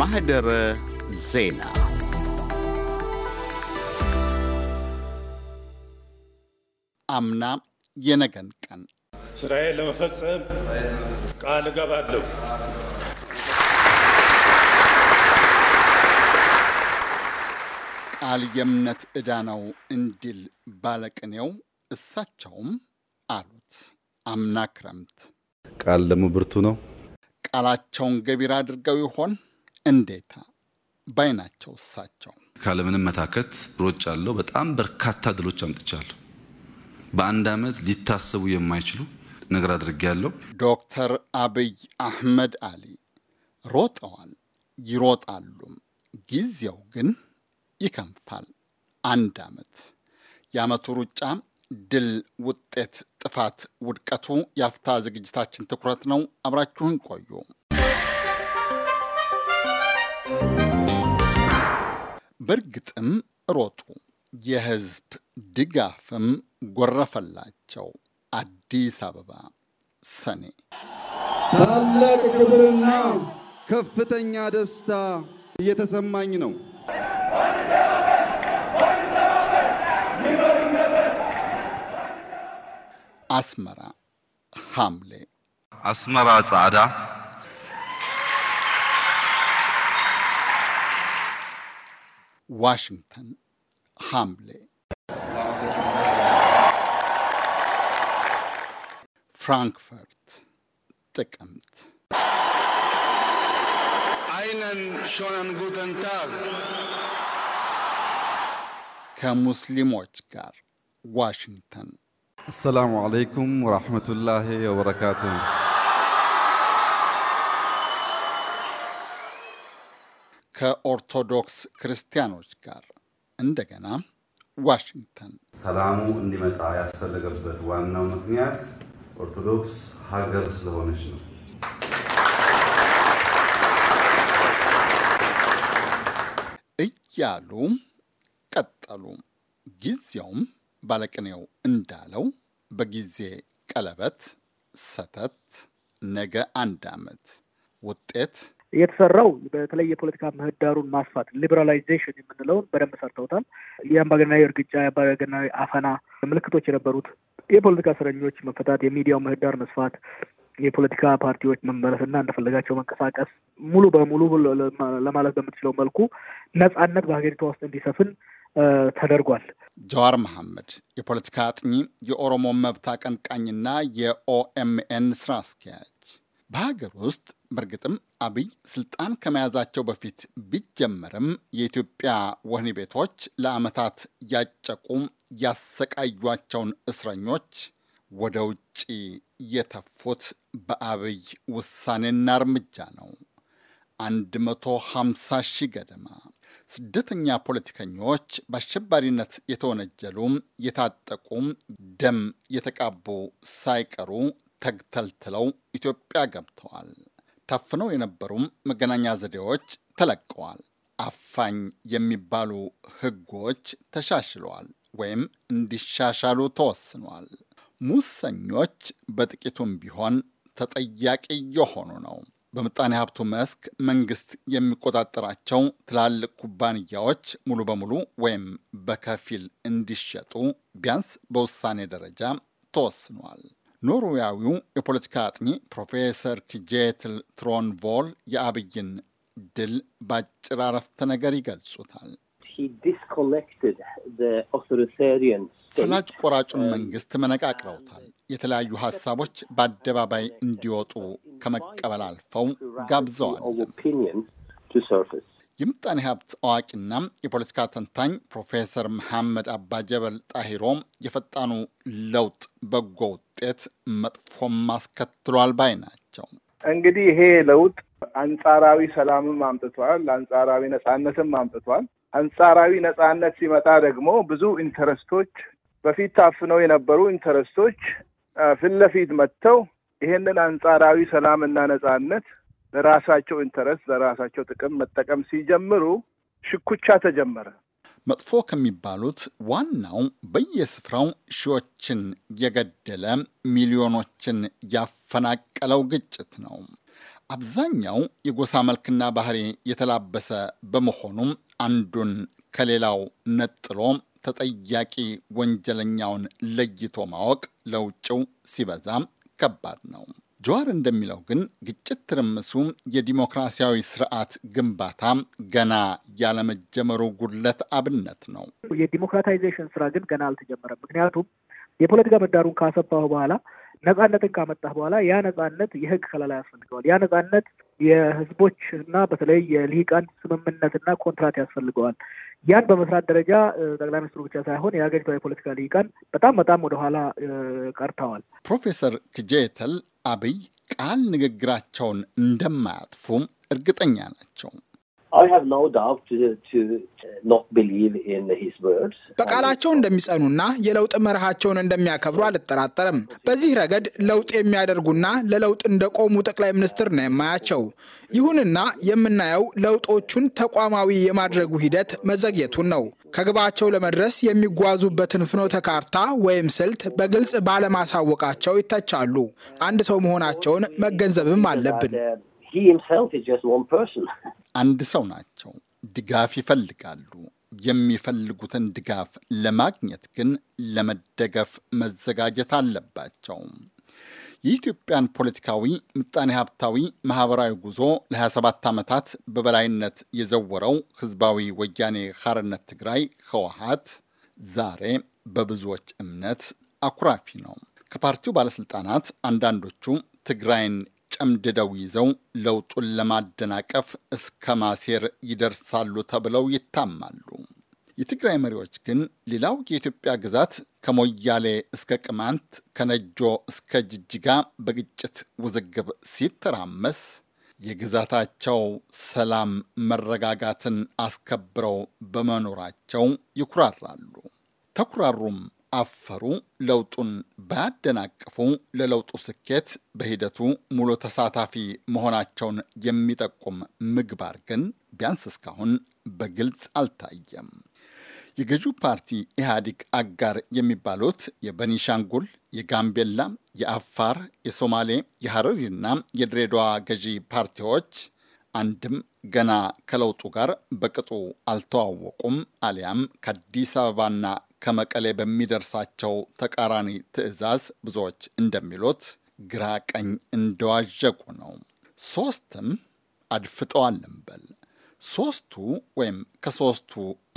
ማህደረ ዜና አምና የነገን ቀን ስራዬን ለመፈጸም ቃል እገባለሁ። ቃል የእምነት ዕዳ ነው እንዲል ባለቅኔው እሳቸውም አሉት። አምና ክረምት ቃል ደግሞ ብርቱ ነው። ቃላቸውን ገቢር አድርገው ይሆን? እንዴታ ባይ ናቸው እሳቸው። ካለምንም መታከት ሮጭ አለው። በጣም በርካታ ድሎች አምጥቻለሁ። በአንድ ዓመት ሊታሰቡ የማይችሉ ነገር አድርጌ ያለው ዶክተር አብይ አህመድ አሊ ሮጠዋል፣ ይሮጣሉም። ጊዜው ግን ይከንፋል። አንድ ዓመት የዓመቱ ሩጫ ድል፣ ውጤት፣ ጥፋት፣ ውድቀቱ የአፍታ ዝግጅታችን ትኩረት ነው። አብራችሁን ቆዩ። በእርግጥም ሮጡ። የህዝብ ድጋፍም ጎረፈላቸው። አዲስ አበባ ሰኔ። ታላቅ ክብርና ከፍተኛ ደስታ እየተሰማኝ ነው። አስመራ ሐምሌ። አስመራ ጻዕዳ واشنطن هاملي فرانكفورت تكمت اينن شونن غوتن تاغ كمسلموچ كار واشنطن السلام عليكم ورحمة الله وبركاته ከኦርቶዶክስ ክርስቲያኖች ጋር እንደገና ዋሽንግተን ሰላሙ እንዲመጣ ያስፈለገበት ዋናው ምክንያት ኦርቶዶክስ ሀገር ስለሆነች ነው። እያሉ ቀጠሉ። ጊዜውም ባለቅኔው እንዳለው በጊዜ ቀለበት ሰተት ነገ አንድ ዓመት ውጤት የተሰራው በተለይ የፖለቲካ ምህዳሩን ማስፋት ሊበራላይዜሽን የምንለውን በደንብ ሰርተውታል። የአምባገናዊ እርግጫ፣ የአምባገናዊ አፈና ምልክቶች የነበሩት የፖለቲካ እስረኞች መፈታት፣ የሚዲያው ምህዳር መስፋት፣ የፖለቲካ ፓርቲዎች እና እንደፈለጋቸው መንቀሳቀስ ሙሉ በሙሉ ለማለት በምትችለው መልኩ ነጻነት በሀገሪቷ ውስጥ እንዲሰፍን ተደርጓል። ጀዋር መሐመድ የፖለቲካ አጥኚ፣ የኦሮሞ መብት አቀንቃኝና የኦኤምኤን ስራ አስኪያጅ በሀገር ውስጥ በእርግጥም አብይ ስልጣን ከመያዛቸው በፊት ቢጀመርም የኢትዮጵያ ወህኒ ቤቶች ለዓመታት ያጨቁም ያሰቃዩቸውን እስረኞች ወደ ውጭ የተፉት በአብይ ውሳኔና እርምጃ ነው። 150 ሺህ ገደማ ስደተኛ ፖለቲከኞች በአሸባሪነት የተወነጀሉ የታጠቁ፣ ደም የተቃቡ ሳይቀሩ ተግተልትለው ኢትዮጵያ ገብተዋል። ታፍነው የነበሩም መገናኛ ዘዴዎች ተለቀዋል። አፋኝ የሚባሉ ሕጎች ተሻሽለዋል ወይም እንዲሻሻሉ ተወስኗል። ሙሰኞች በጥቂቱም ቢሆን ተጠያቂ እየሆኑ ነው። በምጣኔ ሀብቱ መስክ መንግስት የሚቆጣጠራቸው ትላልቅ ኩባንያዎች ሙሉ በሙሉ ወይም በከፊል እንዲሸጡ ቢያንስ በውሳኔ ደረጃ ተወስኗል። ኖርዌያዊው የፖለቲካ አጥኚ ፕሮፌሰር ክጄትል ትሮንቮል የአብይን ድል ባጭር አረፍተ ነገር ይገልጹታል። ፈላጭ ቆራጩን መንግስት መነቃቅረውታል። የተለያዩ ሀሳቦች በአደባባይ እንዲወጡ ከመቀበል አልፈው ጋብዘዋል። የምጣኔ ሀብት አዋቂና የፖለቲካ ተንታኝ ፕሮፌሰር መሐመድ አባጀበል ጣሂሮም የፈጣኑ ለውጥ በጎ ውጤት መጥፎም አስከትሏል ባይ ናቸው። እንግዲህ ይሄ ለውጥ አንጻራዊ ሰላምም አምጥቷል፣ አንጻራዊ ነጻነትም አምጥቷል። አንጻራዊ ነጻነት ሲመጣ ደግሞ ብዙ ኢንተረስቶች በፊት ታፍነው የነበሩ ኢንተረስቶች ፊት ለፊት መጥተው ይሄንን አንጻራዊ ሰላምና ነጻነት ለራሳቸው ኢንተረስት ለራሳቸው ጥቅም መጠቀም ሲጀምሩ ሽኩቻ ተጀመረ። መጥፎ ከሚባሉት ዋናው በየስፍራው ሺዎችን የገደለ ሚሊዮኖችን ያፈናቀለው ግጭት ነው። አብዛኛው የጎሳ መልክና ባህሪ የተላበሰ በመሆኑም አንዱን ከሌላው ነጥሎ ተጠያቂ ወንጀለኛውን ለይቶ ማወቅ ለውጭው ሲበዛ ከባድ ነው። ጀዋር እንደሚለው ግን ግጭት ትርምሱ የዲሞክራሲያዊ ስርዓት ግንባታ ገና ያለመጀመሩ ጉድለት አብነት ነው። የዲሞክራታይዜሽን ስራ ግን ገና አልተጀመረም። ምክንያቱም የፖለቲካ ምህዳሩን ካሰፋሁ በኋላ ነጻነትን ካመጣህ በኋላ ያ ነጻነት የህግ ከለላ ያስፈልገዋል። ያ ነጻነት የህዝቦች እና በተለይ የልሂቃን እና ኮንትራት ያስፈልገዋል። ያን በመስራት ደረጃ ጠቅላይ ሚኒስትሩ ብቻ ሳይሆን የሀገሪቷ የፖለቲካ ልሂቃን በጣም በጣም ወደኋላ ቀርተዋል። ፕሮፌሰር ክጄተል አብይ ቃል ንግግራቸውን እንደማያጥፉም እርግጠኛ ናቸው። በቃላቸው እንደሚጸኑና የለውጥ መርሃቸውን እንደሚያከብሩ አልጠራጠርም። በዚህ ረገድ ለውጥ የሚያደርጉና ለለውጥ እንደቆሙ ጠቅላይ ሚኒስትር ነው የማያቸው። ይሁንና የምናየው ለውጦቹን ተቋማዊ የማድረጉ ሂደት መዘግየቱን ነው። ከግባቸው ለመድረስ የሚጓዙበትን ፍኖተ ካርታ ወይም ስልት በግልጽ ባለማሳወቃቸው ይተቻሉ። አንድ ሰው መሆናቸውን መገንዘብም አለብን። አንድ ሰው ናቸው። ድጋፍ ይፈልጋሉ። የሚፈልጉትን ድጋፍ ለማግኘት ግን ለመደገፍ መዘጋጀት አለባቸው። የኢትዮጵያን ፖለቲካዊ፣ ምጣኔ ሀብታዊ፣ ማህበራዊ ጉዞ ለ27 ዓመታት በበላይነት የዘወረው ህዝባዊ ወያኔ ሐርነት ትግራይ ህወሀት ዛሬ በብዙዎች እምነት አኩራፊ ነው። ከፓርቲው ባለሥልጣናት አንዳንዶቹ ትግራይን ጨምድደው ይዘው ለውጡን ለማደናቀፍ እስከ ማሴር ይደርሳሉ ተብለው ይታማሉ። የትግራይ መሪዎች ግን ሌላው የኢትዮጵያ ግዛት ከሞያሌ እስከ ቅማንት ከነጆ እስከ ጅጅጋ በግጭት ውዝግብ ሲተራመስ የግዛታቸው ሰላም መረጋጋትን አስከብረው በመኖራቸው ይኩራራሉ። ተኩራሩም አፈሩ፣ ለውጡን ባያደናቅፉ ለለውጡ ስኬት በሂደቱ ሙሉ ተሳታፊ መሆናቸውን የሚጠቁም ምግባር ግን ቢያንስ እስካሁን በግልጽ አልታየም። የገዢው ፓርቲ ኢህአዲግ አጋር የሚባሉት የበኒሻንጉል፣ የጋምቤላ፣ የአፋር፣ የሶማሌ፣ የሐረሪና የድሬዳዋ ገዢ ፓርቲዎች አንድም ገና ከለውጡ ጋር በቅጡ አልተዋወቁም፣ አሊያም ከአዲስ አበባና ከመቀሌ በሚደርሳቸው ተቃራኒ ትዕዛዝ ብዙዎች እንደሚሉት ግራ ቀኝ እንደዋዠቁ ነው። ሶስትም አድፍጠዋል እንበል። ሶስቱ ወይም ከሶስቱ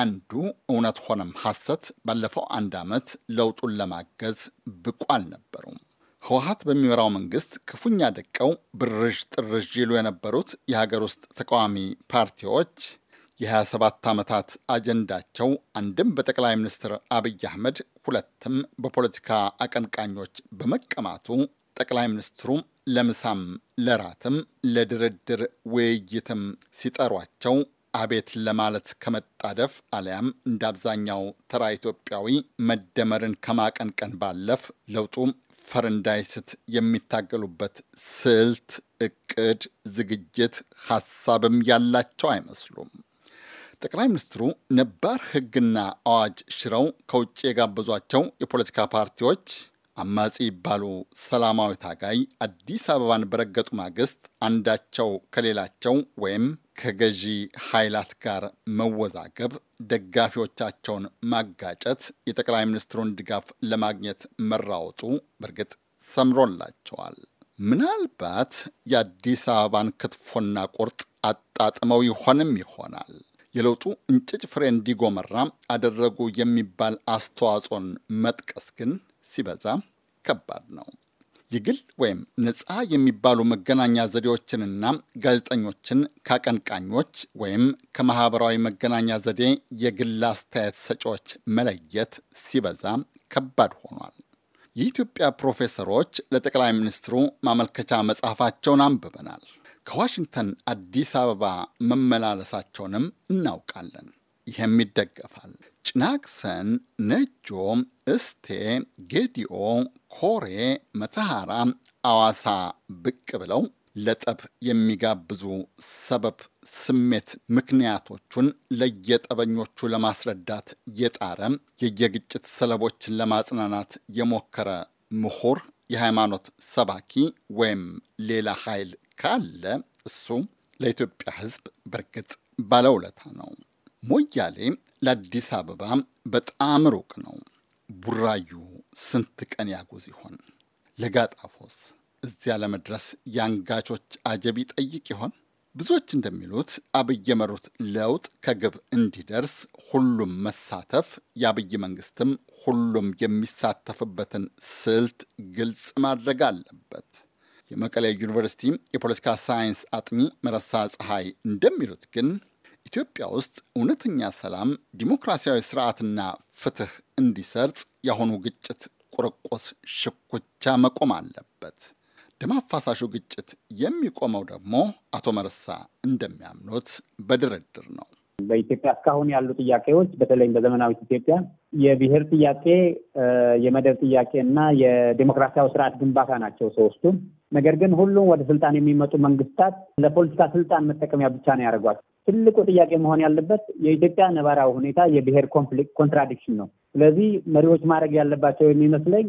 አንዱ እውነት ሆነም ሐሰት ባለፈው አንድ ዓመት ለውጡን ለማገዝ ብቁ አልነበሩም። ህወሀት በሚመራው መንግስት ክፉኛ ደቀው ብርዥ ጥርዥ ይሉ የነበሩት የሀገር ውስጥ ተቃዋሚ ፓርቲዎች የ27 ዓመታት አጀንዳቸው አንድም በጠቅላይ ሚኒስትር አብይ አህመድ ሁለትም በፖለቲካ አቀንቃኞች በመቀማቱ ጠቅላይ ሚኒስትሩ ለምሳም ለራትም ለድርድር ውይይትም ሲጠሯቸው አቤት ለማለት ከመጣደፍ አሊያም እንደ አብዛኛው ተራ ኢትዮጵያዊ መደመርን ከማቀንቀን ባለፍ ለውጡ ፈረንዳይስት የሚታገሉበት ስልት፣ እቅድ፣ ዝግጅት፣ ሀሳብም ያላቸው አይመስሉም። ጠቅላይ ሚኒስትሩ ነባር ሕግና አዋጅ ሽረው ከውጭ የጋበዟቸው የፖለቲካ ፓርቲዎች አማጺ ይባሉ ሰላማዊ ታጋይ አዲስ አበባን በረገጡ ማግስት አንዳቸው ከሌላቸው ወይም ከገዢ ኃይላት ጋር መወዛገብ፣ ደጋፊዎቻቸውን ማጋጨት፣ የጠቅላይ ሚኒስትሩን ድጋፍ ለማግኘት መራወጡ በእርግጥ ሰምሮላቸዋል። ምናልባት የአዲስ አበባን ክትፎና ቁርጥ አጣጥመው ይሆንም ይሆናል። የለውጡ እንጭጭ ፍሬ እንዲጎመራ አደረጉ የሚባል አስተዋጽኦን መጥቀስ ግን ሲበዛ ከባድ ነው። የግል ወይም ነፃ የሚባሉ መገናኛ ዘዴዎችንና ጋዜጠኞችን ከአቀንቃኞች ወይም ከማህበራዊ መገናኛ ዘዴ የግል አስተያየት ሰጪዎች መለየት ሲበዛ ከባድ ሆኗል። የኢትዮጵያ ፕሮፌሰሮች ለጠቅላይ ሚኒስትሩ ማመልከቻ መጽሐፋቸውን አንብበናል። ከዋሽንግተን አዲስ አበባ መመላለሳቸውንም እናውቃለን። ይህም ይደገፋል። ጭናክሰን፣ ነጆ፣ እስቴ፣ ጌዲኦ፣ ኮሬ፣ መተሐራ፣ አዋሳ ብቅ ብለው ለጠብ የሚጋብዙ ሰበብ ስሜት ምክንያቶቹን ለየጠበኞቹ ለማስረዳት የጣረ የየግጭት ሰለቦችን ለማጽናናት የሞከረ ምሁር፣ የሃይማኖት ሰባኪ ወይም ሌላ ኃይል ካለ እሱ ለኢትዮጵያ ሕዝብ በርግጥ ባለውለታ ነው። ሞያሌ ለአዲስ አበባ በጣም ሩቅ ነው። ቡራዩ ስንት ቀን ያጉዝ ይሆን? ለጋጣፎስ እዚያ ለመድረስ የአንጋቾች አጀብ ይጠይቅ ይሆን? ብዙዎች እንደሚሉት አብይ የመሩት ለውጥ ከግብ እንዲደርስ ሁሉም መሳተፍ የአብይ መንግስትም ሁሉም የሚሳተፍበትን ስልት ግልጽ ማድረግ አለበት። የመቀሌ ዩኒቨርሲቲ የፖለቲካ ሳይንስ አጥኚ መረሳ ፀሐይ እንደሚሉት ግን ኢትዮጵያ ውስጥ እውነተኛ ሰላም፣ ዲሞክራሲያዊ ስርዓትና ፍትህ እንዲሰርጽ የአሁኑ ግጭት ቁርቆስ ሽኩቻ መቆም አለበት። ደም አፋሳሹ ግጭት የሚቆመው ደግሞ አቶ መረሳ እንደሚያምኑት በድርድር ነው። በኢትዮጵያ እስካሁን ያሉ ጥያቄዎች በተለይም በዘመናዊት ኢትዮጵያ የብሔር ጥያቄ፣ የመደብ ጥያቄ እና የዴሞክራሲያዊ ስርዓት ግንባታ ናቸው ሶስቱም። ነገር ግን ሁሉም ወደ ስልጣን የሚመጡ መንግስታት ለፖለቲካ ስልጣን መጠቀሚያ ብቻ ነው ያደርጓቸው። ትልቁ ጥያቄ መሆን ያለበት የኢትዮጵያ ነባራዊ ሁኔታ የብሔር ኮንፍሊክት ኮንትራዲክሽን ነው። ስለዚህ መሪዎች ማድረግ ያለባቸው የሚመስለኝ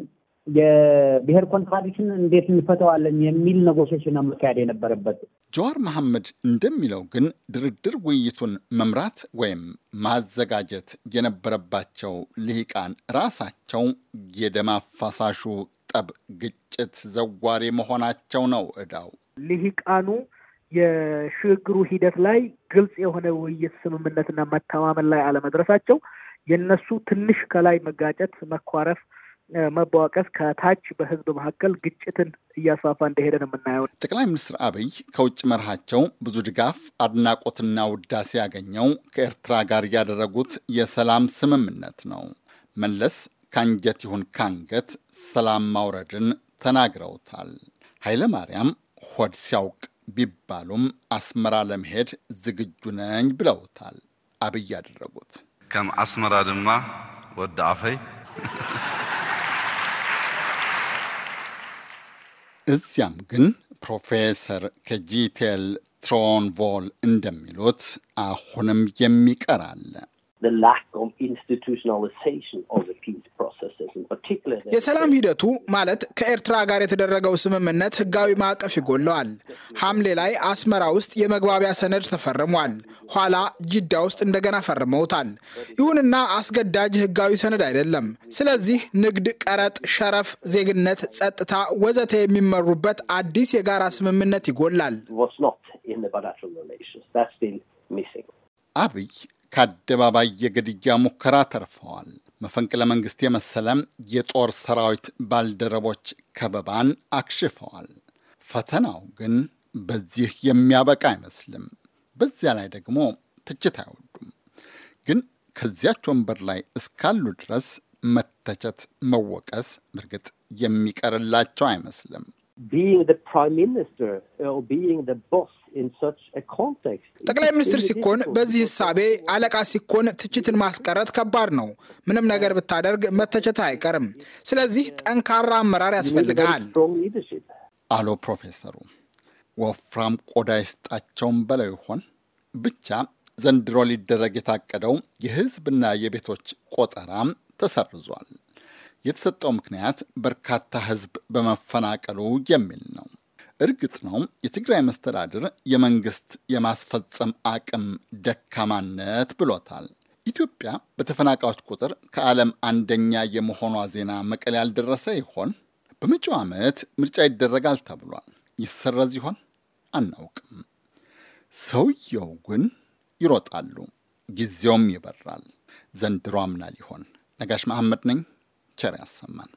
የብሔር ኮንትራዲክሽን እንዴት እንፈተዋለን የሚል ኔጎሽዬሽን ነው መካሄድ የነበረበት። ጀዋር መሐመድ እንደሚለው ግን ድርድር ውይይቱን መምራት ወይም ማዘጋጀት የነበረባቸው ልሂቃን ራሳቸው የደም አፋሳሹ ጠብ ግጭት ዘዋሪ መሆናቸው ነው እዳው ልሂቃኑ የሽግግሩ ሂደት ላይ ግልጽ የሆነ ውይይት፣ ስምምነትና መተማመን ላይ አለመድረሳቸው የነሱ ትንሽ ከላይ መጋጨት፣ መኳረፍ መቧቀስ ከታች በህዝብ መካከል ግጭትን እያስፋፋ እንደሄደ ነው የምናየው። ጠቅላይ ሚኒስትር አብይ ከውጭ መርሃቸው ብዙ ድጋፍ አድናቆትና ውዳሴ ያገኘው ከኤርትራ ጋር ያደረጉት የሰላም ስምምነት ነው። መለስ ከአንጀት ይሁን ካንገት ሰላም ማውረድን ተናግረውታል። ኃይለ ማርያም ሆድ ሲያውቅ ቢባሉም አስመራ ለመሄድ ዝግጁ ነኝ ብለውታል። አብይ ያደረጉት ከም አስመራ ድማ ወደ አፈይ እዚያም ግን ፕሮፌሰር ከጂቴል ትሮንቮል እንደሚሉት አሁንም የሚቀር አለ። የሰላም ሂደቱ ማለት ከኤርትራ ጋር የተደረገው ስምምነት ህጋዊ ማዕቀፍ ይጎለዋል። ሐምሌ ላይ አስመራ ውስጥ የመግባቢያ ሰነድ ተፈርሟል። ኋላ ጅዳ ውስጥ እንደገና ፈርመውታል። ይሁንና አስገዳጅ ህጋዊ ሰነድ አይደለም። ስለዚህ ንግድ፣ ቀረጥ፣ ሸረፍ፣ ዜግነት፣ ጸጥታ፣ ወዘተ የሚመሩበት አዲስ የጋራ ስምምነት ይጎላል። አብይ ከአደባባይ የግድያ ሙከራ ተርፈዋል። መፈንቅለ መንግስት የመሰለ የጦር ሰራዊት ባልደረቦች ከበባን አክሽፈዋል። ፈተናው ግን በዚህ የሚያበቃ አይመስልም። በዚያ ላይ ደግሞ ትችት አይወዱም። ግን ከዚያች ወንበር ላይ እስካሉ ድረስ መተቸት፣ መወቀስ እርግጥ የሚቀርላቸው አይመስልም። ቢይንግ ዘ ፕራይም ኦር ቢይንግ ዘ ቦስ ጠቅላይ ሚኒስትር ሲኮን በዚህ ህሳቤ አለቃ ሲኮን ትችትን ማስቀረት ከባድ ነው። ምንም ነገር ብታደርግ መተቸት አይቀርም። ስለዚህ ጠንካራ አመራር ያስፈልጋል አሉ ፕሮፌሰሩ። ወፍራም ቆዳ ይስጣቸውም በለው ይሆን ብቻ ዘንድሮ ሊደረግ የታቀደው የህዝብና የቤቶች ቆጠራም ተሰርዟል። የተሰጠው ምክንያት በርካታ ህዝብ በመፈናቀሉ የሚል ነው። እርግጥ ነው የትግራይ መስተዳድር የመንግስት የማስፈጸም አቅም ደካማነት ብሎታል። ኢትዮጵያ በተፈናቃዮች ቁጥር ከዓለም አንደኛ የመሆኗ ዜና መቀሌ ያልደረሰ ይሆን? በመጪው ዓመት ምርጫ ይደረጋል ተብሏል። ይሰረዝ ይሆን? አናውቅም። ሰውየው ግን ይሮጣሉ፣ ጊዜውም ይበራል። ዘንድሮ አምና ሊሆን ነጋሽ መሐመድ ነኝ። ቸር ያሰማን።